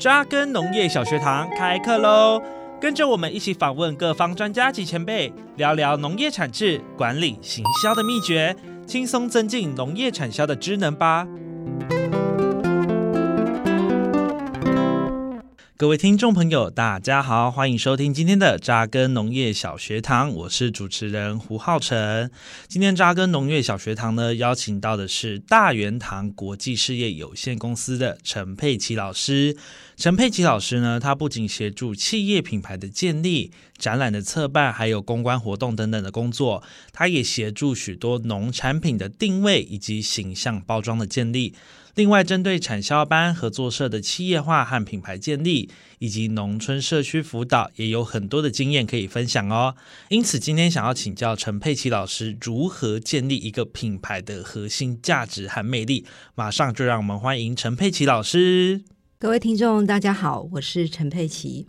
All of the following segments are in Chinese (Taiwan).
扎根農業小學堂開課嘍！跟着我們一起訪問各方專家及前輩，聊聊農業產製、管理、行銷的秘訣，輕鬆增進農業產銷的職能吧。各位聽眾朋友，大家好，歡迎收聽今天的扎根農業小學堂，我是主持人胡浩成。今天扎根農業小學堂呢，邀請到的是大原堂國際事業有限公司的陳佩琪老師。陳佩琪老師呢，他不僅協助企業品牌的建立、展覽的策辦，還有公關活動等等的工作，他也協助許多農產品的定位以及形象包裝的建立。另外，針對產銷班合作社的企業化和品牌建立，以及農村社區輔導，也有很多的經驗可以分享哦。因此，今天想要請教陳佩琪老師如何建立一個品牌的核心價值和魅力。馬上就讓我們歡迎陳佩琪老師。各位聽眾，大家好，我是陳佩琪。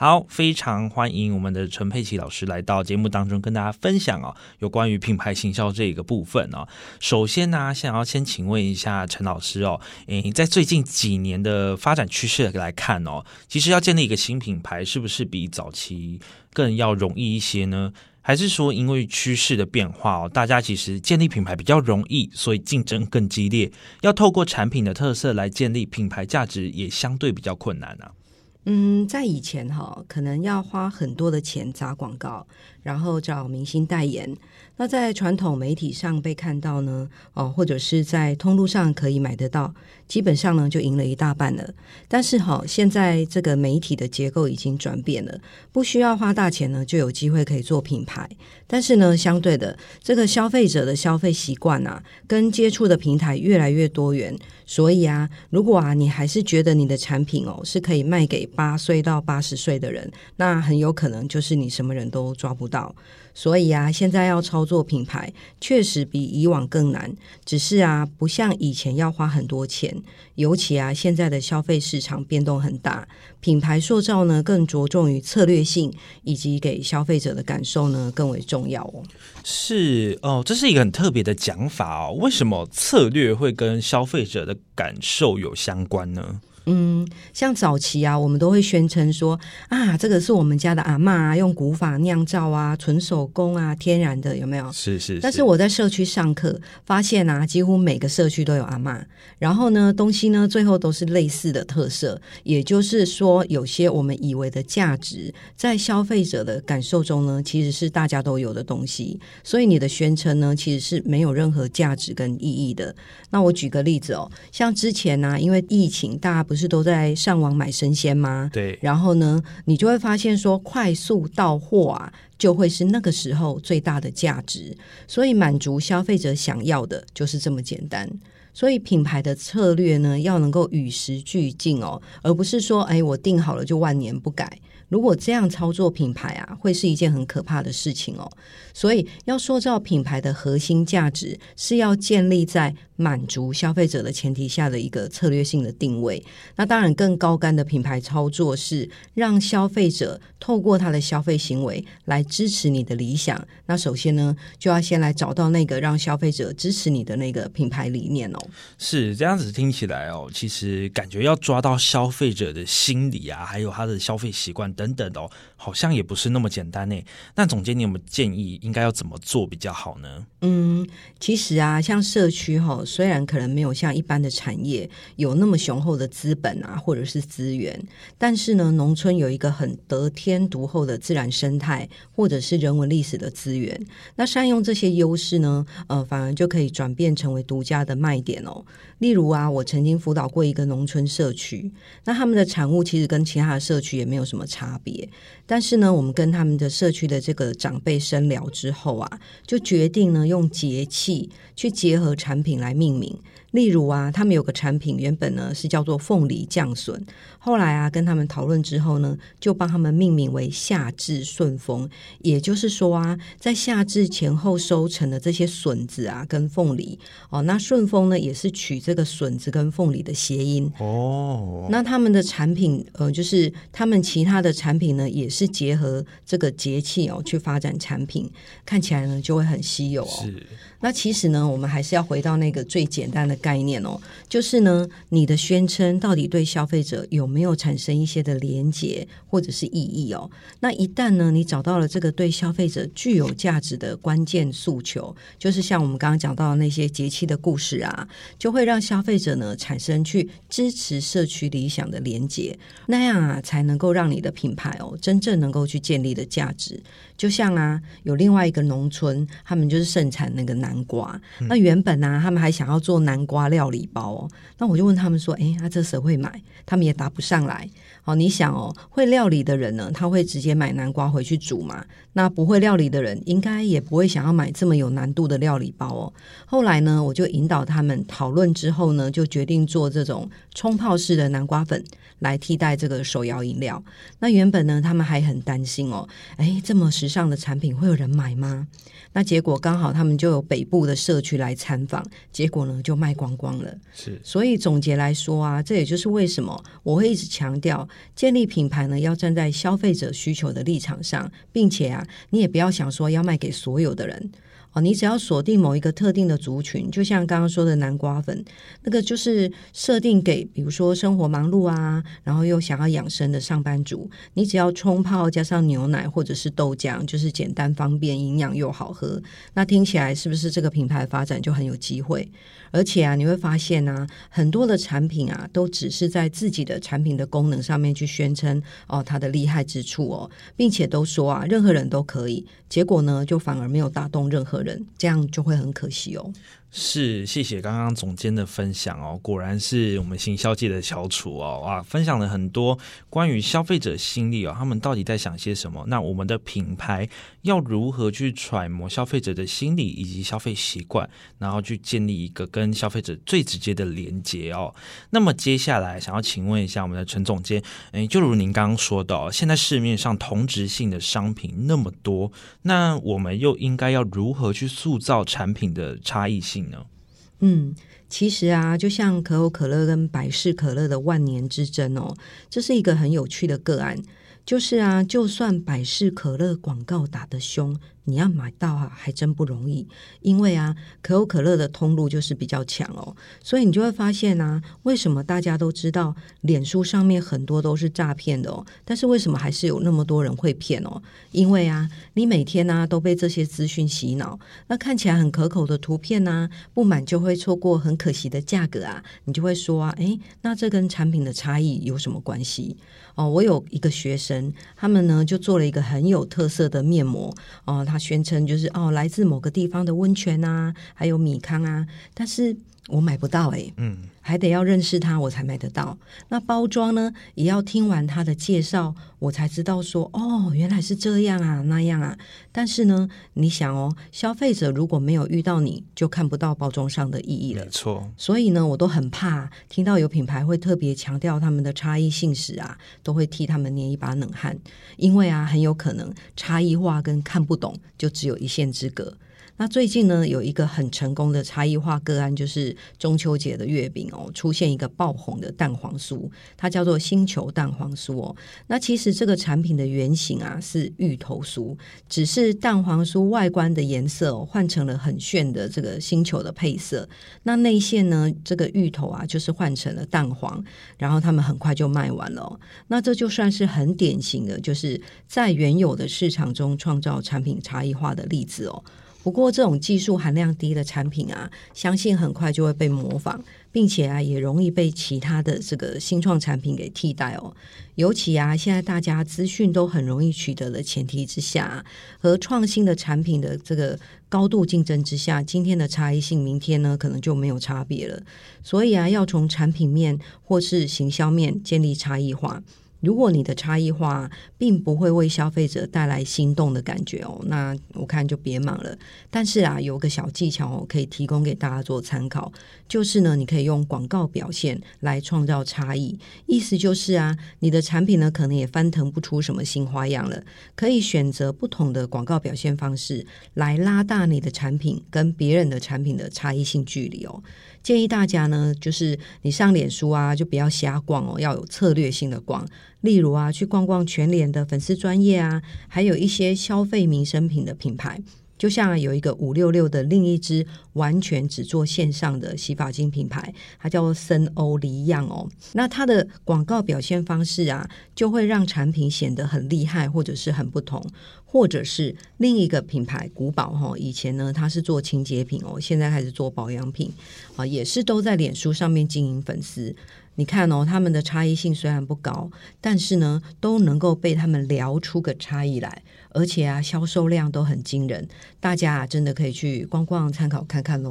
好，非常歡迎我們的陳佩琪老師來到節目當中跟大家分享哦，有關於品牌形象這個部分哦，首先呢、啊，想要先請問一下陳老師哦，誒，在最近幾年的發展趨勢來看哦，其實要建立一個新品牌，是不是比早期更要容易一些呢？還是說因為趨勢的變化哦，大家其實建立品牌比較容易，所以競爭更激烈，要透過產品的特色來建立品牌價值，也相對比較困難啊？嗯，在以前哈、哦，可能要花很多的錢砸廣告，然後找明星代言。那在傳統媒體上被看到呢，哦，或者是在通路上可以買得到，基本上呢就贏了一大半了。但是哈、哦，現在這個媒體的結構已經轉變了，不需要花大錢呢，就有機會可以做品牌。但是呢，相對的，這個消費者的消費習慣啊，跟接觸的平台越來越多元。所以啊，如果啊你還是覺得你的產品哦是可以賣給八歲到八十歲的人，那很有可能就是你什麼人都抓不到。所以啊，現在要操作品牌確實比以往更難，只是啊不像以前要花很多錢，尤其啊現在的消費市場變動很大。品牌塑造呢，更着重於策略性，以及給消費者的感受呢，更為重要哦。是哦，這是一個很特別的講法哦。為什麼策略會跟消費者的感受有相關呢？嗯，像早期啊，我們都會宣稱說啊，這個是我們家的阿嬤啊，用古法釀造啊，純手工啊，天然的，有沒有？是，是是。但是我在社區上課發現啊，幾乎每個社區都有阿嬤，然後呢，東西呢，最後都是類似的特色。也就是說，有些我們以為的價值，在消費者的感受中呢，其實是大家都有的東西。所以你的宣稱呢，其實是沒有任何價值跟意義的。那我舉個例子哦，像之前呢，啊，因為疫情，大家不。不是都在上網買生鮮嗎？對，然後呢，你就會發現說，快速到貨啊，就會是那個時候最大的價值。所以滿足消費者想要的就是這麼簡單。所以品牌的策略呢，要能夠與時俱進哦，而不是說，哎，我定好了就萬年不改。如果這樣操作品牌啊，會是一件很可怕的事情哦。所以要塑造品牌的核心價值，是要建立在。滿足消費者的前提下的一個策略性的定位。那當然，更高竿的品牌操作是讓消費者透過他的消費行為來支持你的理想。那首先呢，就要先來找到那個讓消費者支持你的那個品牌理念哦。是這樣子聽起來哦，其實感覺要抓到消費者的心理啊，還有他的消費習慣等等哦，好像也不是那麼簡單呢。那總監，你有沒有建議應該要怎麼做比較好呢？嗯，其實啊，像社區哈、哦。雖然可能沒有像一般的產業有那麼雄厚的資本啊，或者是資源，但是呢，農村有一個很得天獨厚的自然生態，或者是人文歷史的資源。那善用這些優勢呢，呃，反而就可以轉變成為獨家的賣點哦、喔。例如啊，我曾經輔導過一個農村社區，那他們的產物其實跟其他的社區也沒有什麼差別，但是呢，我們跟他們的社區的這個長輩深聊之後啊，就決定呢，用節氣去結合產品來。命名。例如啊，他們有個產品原本呢是叫做鳳梨醬筍，後來啊跟他們討論之後呢，就幫他們命名為夏至順風。也就是說啊，在夏至前後收成的這些筍子啊，跟鳳梨哦，那順風呢也是取這個筍子跟鳳梨的諧音哦。那他們的產品呃，就是他們其他的產品呢，也是結合這個節氣哦去發展產品，看起來呢就會很稀有哦。是那其實呢，我們還是要回到那個最簡單的。概念哦，就是呢，你的宣稱到底對消費者有沒有產生一些的連結或者是意義哦？那一旦呢，你找到了這個對消費者具有價值的關鍵訴求，就是像我們剛剛講到的那些節氣的故事啊，就會讓消費者呢產生去支持社區理想的連結，那樣啊才能夠讓你的品牌哦真正能夠去建立的價值。就像啊，有另外一個農村，他們就是盛產那個南瓜，那原本呢、啊，他們還想要做南瓜，瓜料理包哦，那我就問他們說：“哎，他、啊、這誰會買？”他們也答不上來。哦，你想哦，會料理的人呢，他會直接買南瓜回去煮嘛？那不會料理的人，應該也不會想要買這麼有難度的料理包哦。後來呢，我就引導他們討論之後呢，就決定做這種沖泡式的南瓜粉來替代這個手搖飲料。那原本呢，他們還很擔心哦：“哎，這麼時尚的產品會有人買嗎？”那結果剛好他們就有北部的社區來參訪，結果呢，就賣。光光了，是，所以總結來說啊，這也就是為什麼我會一直強調，建立品牌呢，要站在消費者需求的立場上，並且啊，你也不要想說要賣給所有的人。哦、你只要鎖定某一個特定的族群，就像剛剛說的南瓜粉，那個就是設定給，比如說生活忙碌啊，然後又想要養生的上班族。你只要沖泡加上牛奶或者是豆漿，就是簡單方便、營養又好喝。那聽起來是不是這個品牌發展就很有機會？而且啊，你會發現呢、啊，很多的產品啊，都只是在自己的產品的功能上面去宣稱哦，它的厲害之處哦，並且都說啊，任何人都可以，結果呢就反而沒有打動任何人。這樣就會很可惜哦。是，謝謝剛剛總監的分享哦，果然是我們行銷界的翹楚哦，哇，分享了很多關於消費者心理哦，他們到底在想些什麼？那我們的品牌要如何去揣摩消費者的心理以及消費習慣，然後去建立一個跟消費者最直接的連接哦。那麼接下來想要請問一下我們的陳總監，誒，就如您剛剛說的哦，現在市面上同質性的商品那麼多，那我們又應該要如何去塑造產品的差異性？嗯，其實啊，就像可口可樂跟百事可樂的萬年之爭哦，這是一個很有趣的個案。就是啊，就算百事可樂廣告打得凶。你要買到啊，還真不容易，因為啊，可口可樂的通路就是比較強哦，所以你就會發現啊，為什麼大家都知道臉書上面很多都是詐騙的哦，但是為什麼還是有那麼多人會騙哦？因為啊，你每天呢，啊，都被這些資訊洗腦，那看起來很可口的圖片呢，啊，不買就會錯過很可惜的價格啊，你就會說啊，誒，那這跟產品的差異有什麼關係？哦，我有一個學生，他們呢就做了一個很有特色的面膜哦，他。宣稱就是哦，來自某個地方的溫泉啊，還有米糠啊，但是。我買不到哎，欸，嗯，還得要認識他我才買得到。那包裝呢，也要聽完他的介紹，我才知道說，哦，原來是這樣啊，那樣啊。但是呢，你想哦，消費者如果沒有遇到你，就看不到包裝上的意義了。沒錯錯，所以呢，我都很怕聽到有品牌會特別強調他們的差異性時啊，都會替他們捏一把冷汗，因為啊，很有可能差異化跟看不懂就只有一線之隔。那最近呢，有一個很成功的差異化個案，就是中秋節的月餅哦，出現一個爆紅的蛋黃酥，它叫做星球蛋黃酥哦。那其實這個產品的原型啊是芋頭酥，只是蛋黃酥外觀的顏色，哦，換成了很炫的這個星球的配色，那內餡呢，這個芋頭啊就是換成了蛋黃，然後他們很快就賣完了哦。那這就算是很典型的就是在原有的市場中創造產品差異化的例子哦。不過，這種技術含量低的產品啊，相信很快就會被模仿，並且啊，也容易被其他的這個新創產品給替代哦。尤其啊，現在大家資訊都很容易取得的前提之下啊，和創新的產品的這個高度競爭之下，今天的差異性，明天呢可能就沒有差別了。所以啊，要從產品面或是行銷面建立差異化。如果你的差異化並不會為消費者帶來心動的感覺哦，那我看就別忙了。但是啊，有個小技巧哦，可以提供給大家做參考，就是呢，你可以用廣告表現來創造差異。意思就是啊，你的產品呢，可能也翻騰不出什麼新花樣了，可以選擇不同的廣告表現方式來拉大你的產品跟別人的產品的差異性距離哦。建議大家呢，就是你上臉書啊，就不要瞎逛哦，要有策略性的逛。例如啊，去逛逛全聯的粉絲專頁啊，還有一些消費民生品的品牌。就像有一個五六六的另一支完全只做線上的洗髮精品牌，它叫做森歐黎漾哦。那它的廣告表現方式啊，就會讓產品顯得很厲害或者是很不同，或者是另一個品牌古堡哈。以前呢，它是做清潔品哦，現在開始做保養品啊，也是都在臉書上面經營粉絲。你看哦，他們的差異性雖然不高，但是呢，都能夠被他們聊出個差異來，而且啊，銷售量都很驚人。大家啊，真的可以去逛逛、參考看看嘍。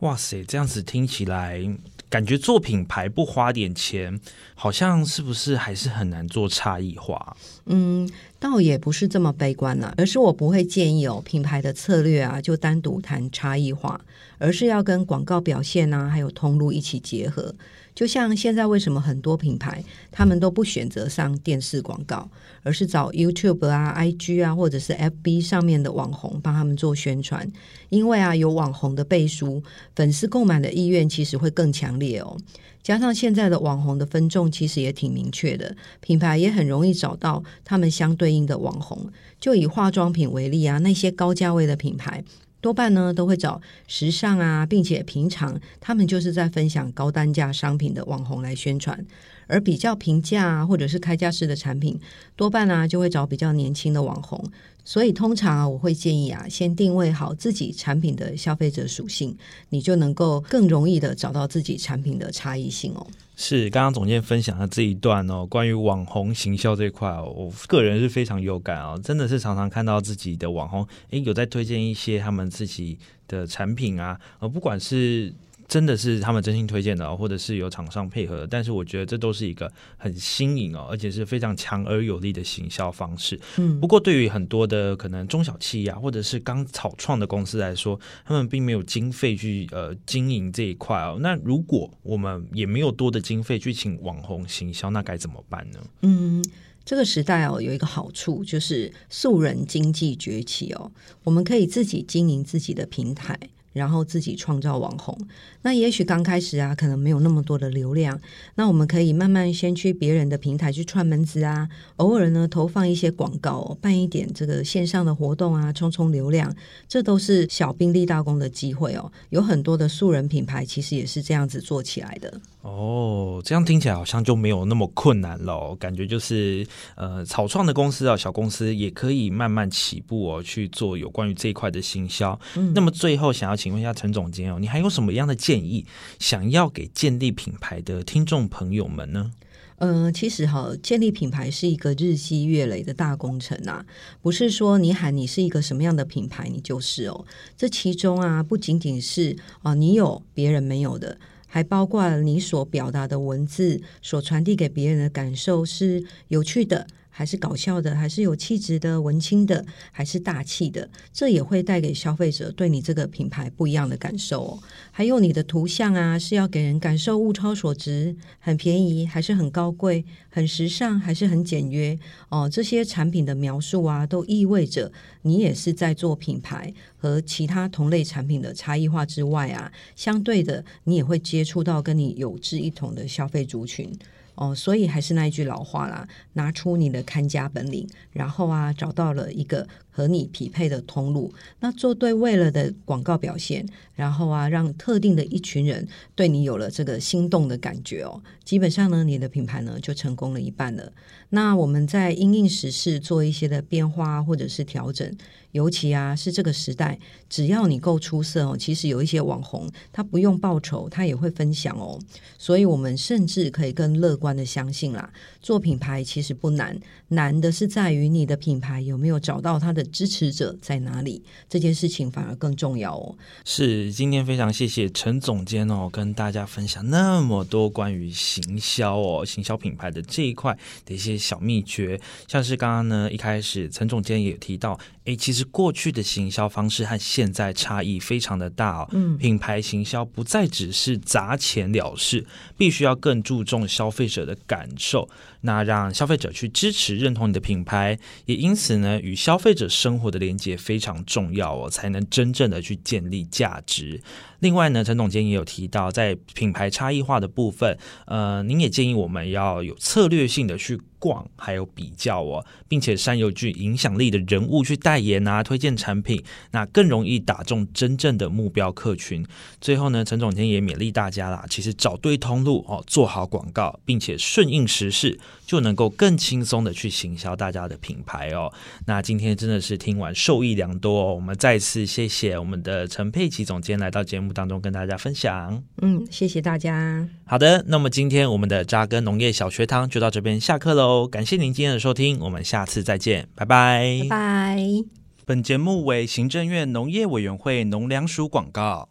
哇塞，這樣子聽起來，感覺做品牌不花點錢，好像是不是還是很難做差異化？嗯，倒也不是這麼悲觀啊，而是我不會建議哦，品牌的策略啊，就單獨談差異化，而是要跟廣告表現啊，還有通路一起結合。就像現在，為什麼很多品牌他們都不選擇上電視廣告，而是找 YouTube 啊、IG 啊或者是 FB 上面的網紅幫他們做宣傳？因為啊，有網紅的背書，粉絲購買的意願其實會更強烈哦。加上現在的網紅的分眾其實也挺明確的，品牌也很容易找到他們相對應的網紅。就以化妝品為例啊，那些高價位的品牌。多半呢都會找時尚啊，並且平常他們就是在分享高單價商品的網紅來宣傳。而比較平價或者是開架式的產品，多半呢、啊、就會找比較年輕的網紅。所以通常啊，我會建議啊，先定位好自己產品的消費者屬性，你就能夠更容易的找到自己產品的差異性哦。是，剛剛總監分享的這一段哦，關於網紅行銷這一塊哦，我個人是非常有感啊、哦，真的是常常看到自己的網紅哎、欸、有在推薦一些他們自己的產品啊，而不管是。真的是他們真心推薦的哦，或者是有廠商配合的，但是我覺得這都是一個很新穎哦，而且是非常強而有力的行銷方式。嗯，不過對於很多的可能中小企業啊，或者是剛草創的公司來說，他們並沒有經費去呃經營這一塊哦。那如果我們也沒有多的經費去請網紅行銷，那該怎麼辦呢？嗯，這個時代哦，有一個好處就是素人經濟崛起哦，我們可以自己經營自己的平台。然後自己創造網紅，那也許剛開始啊，可能沒有那麼多的流量，那我們可以慢慢先去別人的平台去串門子啊，偶爾呢投放一些廣告哦，辦一點這個線上的活動啊，充充流量，這都是小兵立大功的機會哦。有很多的素人品牌其實也是這樣子做起來的。哦，這樣聽起來好像就沒有那麼困難咯，感覺就是呃草創的公司啊，小公司也可以慢慢起步哦，去做有關於這一塊的行銷。嗯，那麼最後想要。請問一下陳總監哦，你還有什麼樣的建議想要給建立品牌的聽眾朋友們呢？呃，其實哈，建立品牌是一個日積月累的大工程啊，不是說你喊你是一個什麼樣的品牌，你就是哦。這其中啊，不僅僅是啊、呃、你有別人沒有的，還包括你所表達的文字，所傳遞給別人的感受是有趣的。還是搞笑的，還是有氣質的、文青的，還是大氣的，這也會帶給消費者對你這個品牌不一樣的感受哦。還有你的圖像啊，是要給人感受物超所值、很便宜，還是很高貴、很時尚，還是很簡約。哦，這些產品的描述啊，都意味着你也是在做品牌和其他同類產品的差異化之外啊。相對的，你也會接觸到跟你有志一同的消費族群。哦，所以還是那一句老話啦，拿出你的看家本領，然後啊，找到了一個。和你匹配的通路，那做對位了的廣告表現，然後啊，讓特定的一群人對你有了這個心動的感覺哦，基本上呢，你的品牌呢就成功了一半了。那我們在因應時事做一些的變化或者是調整，尤其啊是這個時代，只要你夠出色哦，其實有一些網紅他不用報酬，他也會分享哦，所以我們甚至可以更樂觀的相信啦，做品牌其實不難，難的是在於你的品牌有沒有找到它的。支持者在哪裡？這件事情反而更重要哦。是，今天非常謝謝陳總監哦，跟大家分享那麼多關於行銷哦、行銷品牌的這一塊的一些小祕訣。像是剛剛呢，一開始陳總監也提到，哎，其實過去的行銷方式和現在差異非常的大哦。嗯，品牌行銷不再只是砸錢了事，必須要更注重消費者的感受。那讓消費者去支持、認同你的品牌，也因此呢，與消費者生活的連接非常重要哦，才能真正的去建立價值。另外呢，陳總監也有提到，在品牌差異化的部分，呃，您也建議我們要有策略性的去逛，還有比較哦，並且善有具影響力的人物去代言啊，推薦產品，那更容易打中真正的目標客群。最後呢，陳總監也勉勵大家啦，其實找對通路哦，做好廣告，並且順應時勢，就能夠更輕鬆的去行銷大家的品牌哦。那今天真的是聽完受益良多，哦，我們再次謝謝我們的陳佩琪總監來到節目。當中跟大家分享，嗯，謝謝大家。好的，那麼今天我們的扎根農業小學堂就到這邊下課嘍。感謝您今天的收聽，我們下次再見，拜拜，拜拜。本節目為行政院農業委員會農糧署廣告。